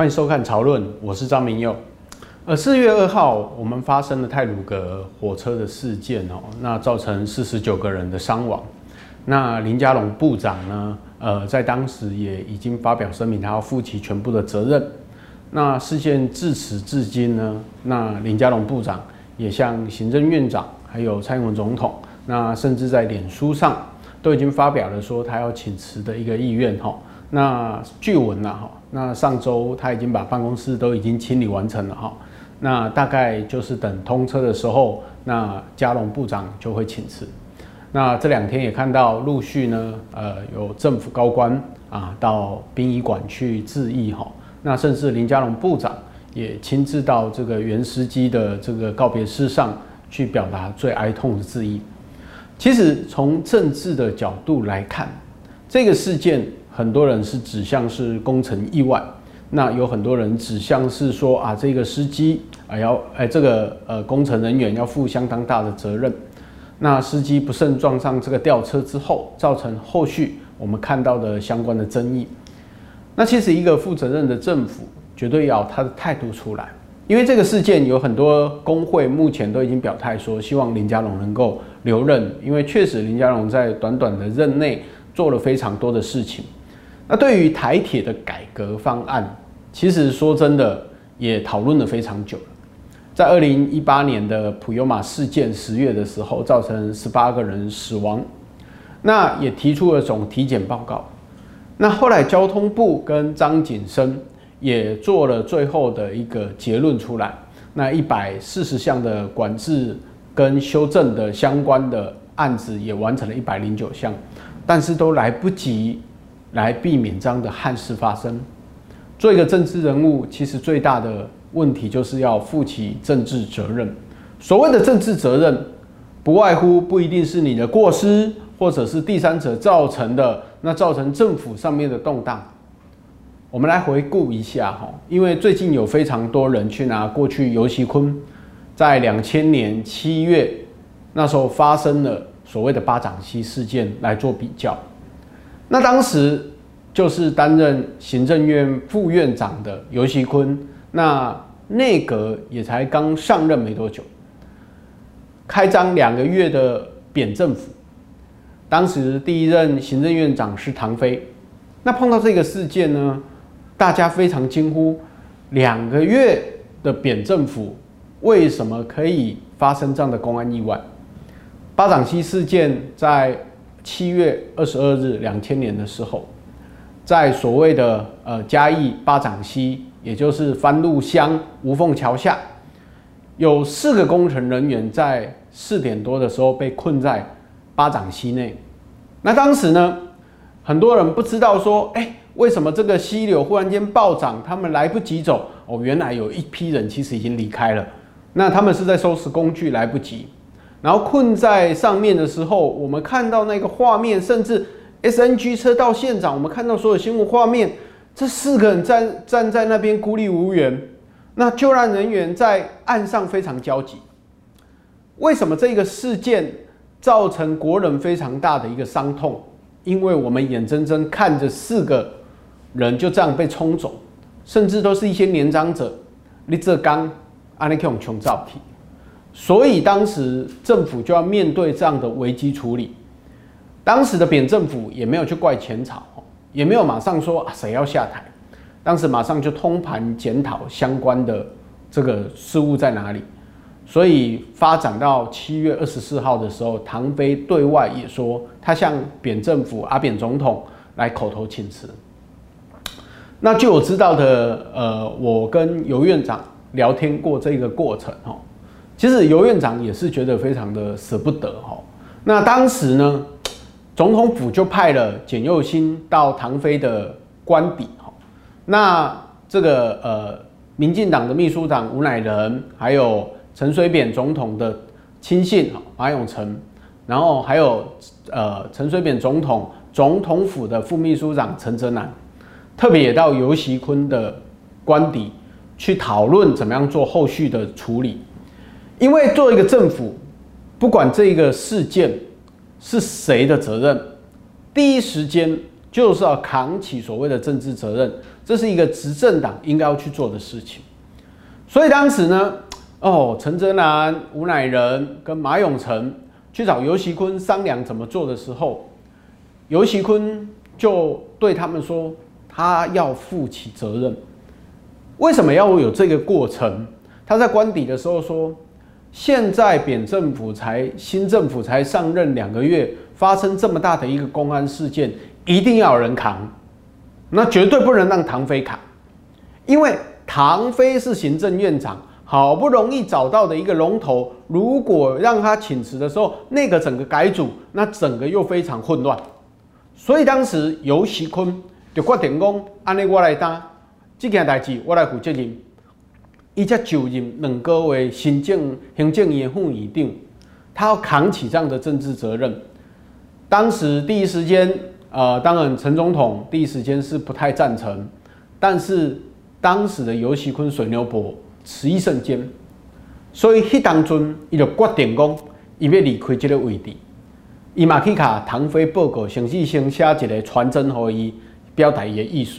歡迎收看《潮論》，我是張明佑。呃，四月二號，我們發生了太魯閣火車的事件哦，那造成四十九個人的傷亡。那林佳龍部長呢？呃，在當時也已經發表聲明，他要負起全部的責任。那事件至此至今呢？那林佳龍部長也向行政院長，還有蔡英文總統，那甚至在臉書上都已經發表了說他要請辭的一個意願，哈。那據聞吶，哈、啊，那上周他已經把辦公室都已經清理完成了哈。那大概就是等通車的時候，那佳龍部長就會請辭。那這兩天也看到陸續呢，呃，有政府高官啊到殯儀館去致意哈。那甚至林佳龍部長也親自到這個原司機的這個告別式上去表達最哀痛的致意。其實從政治的角度來看，這個事件。很多人是指向是工程意外，那有很多人指向是說啊，這個司機啊要誒、哎，這個呃工程人員要負相當大的責任。那司機不慎撞上這個吊車之後，造成後續我們看到的相關的爭議。那其實一個負責任的政府絕對要他的態度出來，因為這個事件有很多工會目前都已經表態說，希望林佳龍能夠留任，因為確實林佳龍在短短的任內做了非常多的事情。那對於台鐵的改革方案，其實說真的也討論了非常久。在二零一八年的普悠瑪事件十月的時候，造成十八個人死亡，那也提出了總體檢報告。那後來交通部跟張景生也做了最後的一個結論出來。那一百四十項的管制跟修正的相關的案子，也完成了一百零九項，但是都來不及，來避免這樣的憾事發生。做一個政治人物，其實最大的問題就是要負起政治責任。所謂的政治責任，不外乎不一定是你的過失，或者是第三者造成的，那造成政府上面的動盪。我們來回顧一下哈，因為最近有非常多人去拿過去游錫堃在兩千年七月那時候發生了所謂的八掌溪事件來做比較。那當時就是擔任行政院副院長的游錫堃，那內閣也才剛上任沒多久，開張兩個月的扁政府，當時第一任行政院長是唐飛，那碰到這個事件呢，大家非常驚呼，兩個月的扁政府為什麼可以發生這樣的公安意外？八掌溪事件在。七月二十二日，兩千年的時候，在所謂的呃嘉義八掌溪，也就是番路鄉吳鳳橋下，有四個工程人員在四點多的時候被困在八掌溪內。那當時呢，很多人不知道說，哎、欸，為什麼這個溪流忽然間暴漲，他們來不及走。哦，原來有一批人其實已經離開了，那他們是在收拾工具，來不及。然後困在上面的時候，我們看到那個畫面，甚至 SNG 車到現場，我們看到所有新聞畫面，這四個人站站在那邊孤立無援，那救援人員在岸上非常焦急。為什麼這個事件造成國人非常大的一個傷痛？因為我們眼睜睜看着四個人就這樣被衝走，甚至都是一些年長者。你這剛，阿、啊、你窮窮糟體。所以當時政府就要面對這樣的危機處理，當時的扁政府也沒有去怪前朝，也沒有馬上說誰要下台，當時馬上就通盤檢討相關的這個事物在哪裡。所以發展到七月二十四號的時候，唐飛對外也說他向扁政府阿扁總統來口頭請辭。那據我知道的，呃，我跟游院長聊天過這個過程哦。其實游院長也是覺得非常的捨不得哈、哦。那當時呢，總統府就派了簡又新到唐飛的官邸哈。那這個呃，民進黨的秘書長吳乃仁，還有陳水扁總統的親信馬永成，然後還有呃陳水扁總統總統府的副秘書長陳哲男，特別也到游錫堃的官邸去討論怎麼樣做後續的處理。因為做一個政府，不管這個事件是誰的責任，第一時間就是要扛起所謂的政治責任，這是一個執政黨應該要去做的事情。所以當時呢，哦，陳哲男、吳乃仁跟馬永成去找游錫堃商量怎麼做的時候，游錫堃就對他們說，他要負起責任。為什麼要有這個過程？他在官邸的時候說。現在扁政府才新政府才上任兩個月，發生這麼大的一個公安事件，一定要有人扛，那絕對不能讓唐飛扛，因為唐飛是行政院長，好不容易找到的一個龍頭，如果讓他請辭的時候，那個整個改組，那整個又非常混亂，所以當時游錫堃就決定講，安內我來打，這件大事，事，我來負責任。伊才就任兩個月，行政行政院副院長，他要扛起這樣的政治責任。當時第一時間，呃，當然陳總統第一時間是不太贊成，但是當時的游錫堃水牛伯持意甚堅，所以迄當中伊就決定講，伊要離開這個位置。伊馬去卡唐飛報告，甚至先寫一個傳真和伊，表達伊的藝術。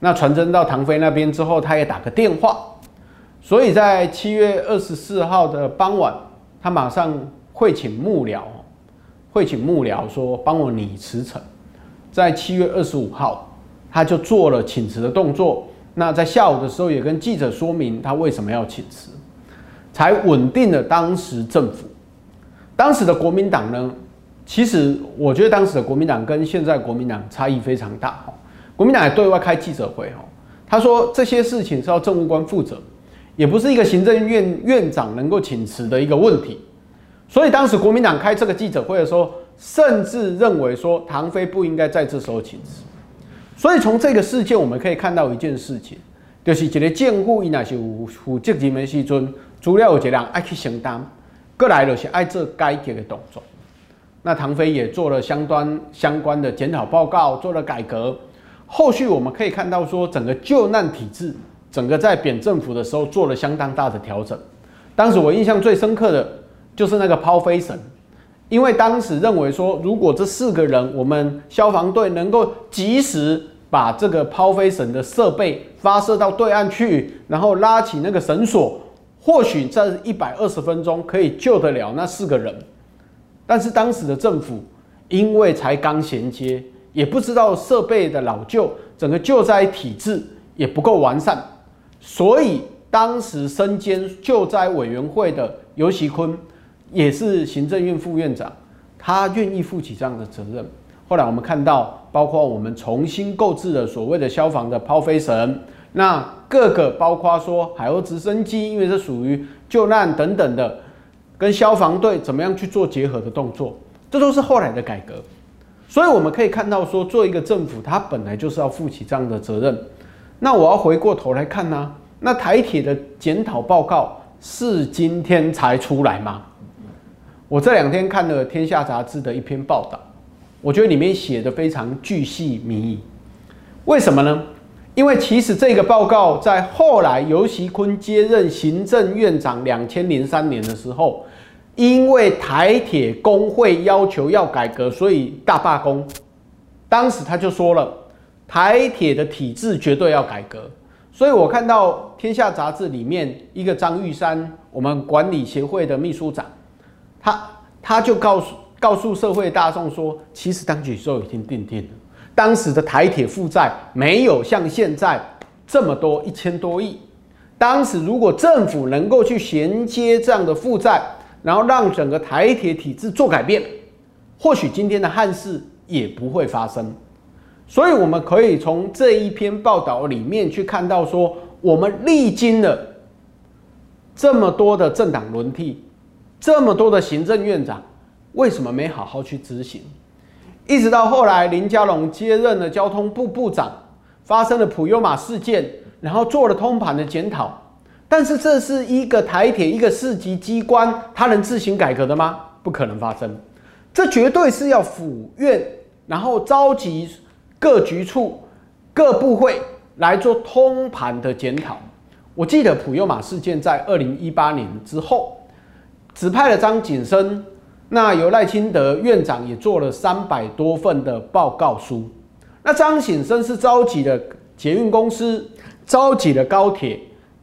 那傳真到唐飛那邊之後，他也打個電話。所以在七月二十四號的傍晚，他馬上會請幕僚，會請幕僚說幫我擬辭呈。在七月二十五號，他就做了請辭的動作。那在下午的時候，也跟記者說明他為什麼要請辭，才穩定了當時政府。當時的國民黨呢，其實我覺得當時的國民黨跟現在國民黨差異非常大。國民黨也對外開記者會，哦，他說這些事情是要政務官負責。也不是一個行政院院長能夠請辭的一個問題，所以當時國民黨開這個記者會的時候甚至認為說唐飛不應該在這時候請辭。所以從這個事件我們可以看到一件事情，就是這些堅固因哪些無無這幾門細尊，主要有這兩愛去承擔，各來都是愛這該給的動作。那唐飛也做了相關相關的檢討報告，做了改革。後續我們可以看到說整個救難體制。整個在扁政府的時候做了相當大的調整，當時我印象最深刻的就是那個拋飛繩，因為當時認為說，如果這四個人我們消防隊能夠及時把這個拋飛繩的設備發射到對岸去，然後拉起那個繩索，或許在一百二十分鐘可以救得了那四個人。但是當時的政府因為才剛銜接，也不知道設備的老舊，整個救災體制也不夠完善。所以當時身兼救災委員會的游錫堃，也是行政院副院長，他願意負起這樣的責任。後來我們看到，包括我們重新購置了所謂的消防的拋飛繩，那各個包括說海鷗直升機，因為這屬於救難等等的，跟消防隊怎麼樣去做結合的動作，這都是後來的改革。所以我們可以看到，說做一個政府，他本來就是要負起這樣的責任。那我要回過頭來看呢、啊？那台鐵的檢討報告是今天才出來嗎？我這兩天看了《天下雜誌》的一篇報道，我覺得裡面寫的非常巨細靡遺。為什麼呢？因為其實這個報告在後來游錫堃接任行政院長兩千零三年的時候，因為台鐵工會要求要改革，所以大罷工。當時他就說了。台鐵的體制絕對要改革，所以我看到《天下》雜誌裡面一個張玉山，我們管理協會的秘書長，他他就告訴告訴社會大眾說，其實當局都已經定定了，當時的台鐵負債沒有像現在這麼多一千多億，當時如果政府能夠去銜接這樣的負債，然後讓整個台鐵體制做改變，或許今天的憾事也不會發生。所以我們可以從這一篇報道裡面去看到，說我們歷經了這麼多的政黨輪替，這麼多的行政院長，為什麼沒好好去執行？一直到後來林佳龍接任了交通部部長，發生了普悠瑪事件，然後做了通盤的檢討。但是這是一個台鐵，一個市級機關，它能自行改革的嗎？不可能發生。這絕對是要府院然後召集。各局處、各部會來做通盤的檢討。我記得普悠瑪事件，在二零一八年之後，指派了張景森，那由賴清德院長也做了三百多份的報告書。那張景森是召集了捷運公司、召集了高鐵、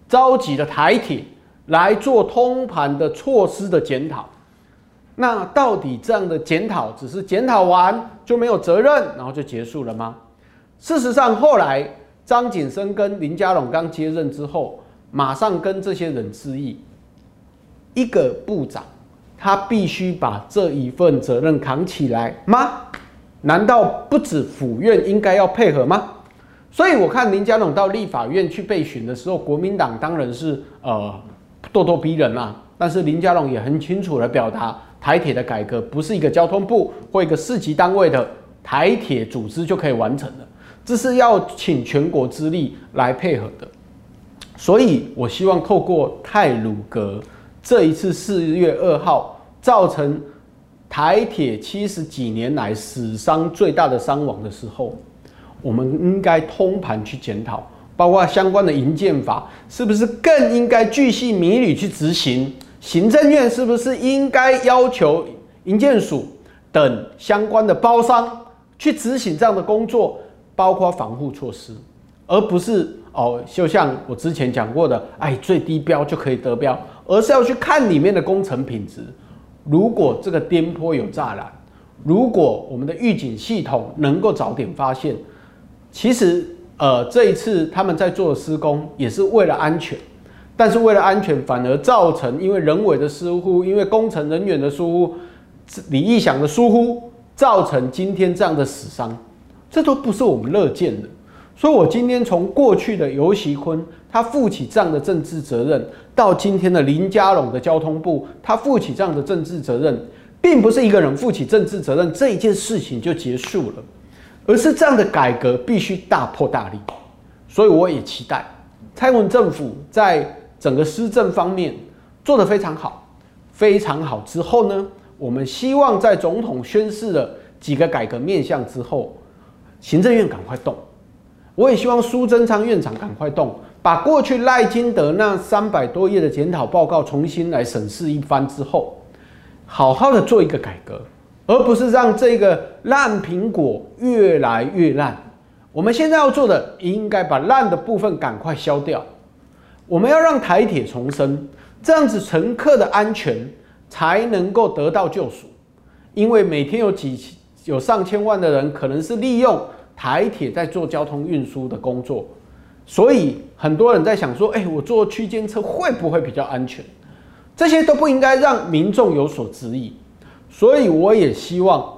召集了台鐵來做通盤的措施的檢討。那到底這樣的檢討只是檢討完就沒有責任，然後就結束了嗎？事實上，後來張景生跟林佳龍剛接任之後，馬上跟這些人質疑：‘一個部長他必須把這一份責任扛起來嗎？難道不止府院應該要配合嗎？所以，我看林佳龍到立法院去備詢的時候，國民黨當然是呃咄咄逼人嘛、啊。但是林佳龍也很清楚的表達，台鐵的改革不是一個交通部或一個市級單位的台鐵組織就可以完成的。這是要請全國之力來配合的。所以我希望透過太魯閣這一次四月二號造成台鐵七十幾年來死傷最大的傷亡的時候，我們應該通盤去檢討，包括相關的營建法是不是更應該巨細靡遺去執行。行政院是不是應該要求營建署等相關的包商去執行這樣的工作，包括防護措施，而不是哦，就像我之前講過的，哎，最低標就可以得標，而是要去看裡面的工程品質。如果這個顛坡有柵欄，如果我們的預警系統能夠早點發現，其實呃，這一次他們在做施工也是為了安全。但是為了安全，反而造成因為人為的疏忽，因為工程人員的疏忽，李義祥的疏忽，造成今天這樣的死傷，這都不是我們樂見的。所以，我今天從過去的游錫堃他負起這樣的政治責任，到今天的林佳龍的交通部他負起這樣的政治責任，並不是一個人負起政治責任這一件事情就結束了，而是這樣的改革必須大破大立。所以，我也期待蔡英文政府在。整個施政方面做得非常好，非常好。之後呢，我們希望在總統宣示了幾個改革面向之後，行政院趕快動。我也希望蘇貞昌院長趕快動，把過去賴清德那三百多頁的檢討報告重新來審視一番之後，好好的做一個改革，而不是讓這個爛蘋果越來越爛。我們現在要做的，應該把爛的部分趕快削掉。我們要讓台鐵重生，這樣子乘客的安全才能夠得到救贖。因為每天有幾有上千萬的人，可能是利用台鐵在做交通運輸的工作，所以很多人在想說：“哎、欸，我坐區間車會不會比較安全？”這些都不應該讓民眾有所質疑。所以我也希望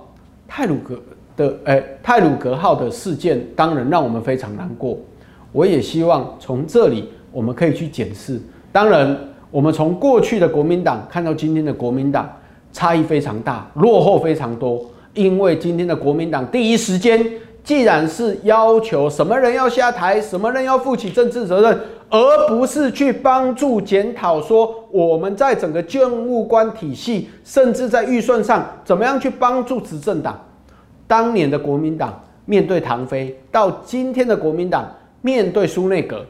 太魯閣的，誒、欸，太魯閣號的事件當然讓我們非常難過。我也希望從這裡。我們可以去檢視，當然，我們從過去的國民黨看到今天的國民黨，差異非常大，落後非常多。因為今天的國民黨第一時間，既然是要求什麼人要下台，什麼人要負起政治責任，而不是去幫助檢討說我們在整個政務官體系，甚至在預算上，怎麼樣去幫助執政黨。當年的國民黨面對唐飛，到今天的國民黨面對蘇內閣。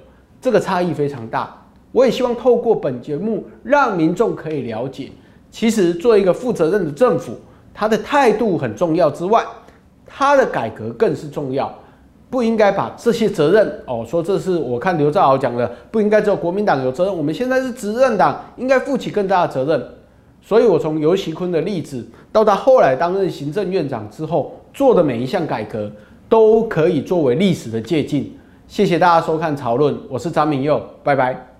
這個差異非常大，我也希望透過本節目讓民眾可以了解，其實做一個負責任的政府，他的態度很重要之外，他的改革更是重要，不應該把這些責任哦，說這是我看劉兆豪講的，不應該只有國民黨有責任，我們現在是執政黨，應該負起更大的責任。所以，我從游錫堃的例子到他後來擔任行政院長之後做的每一項改革，都可以作為歷史的借鑒。謝謝大家收看《潮論》，我是張明佑，拜拜。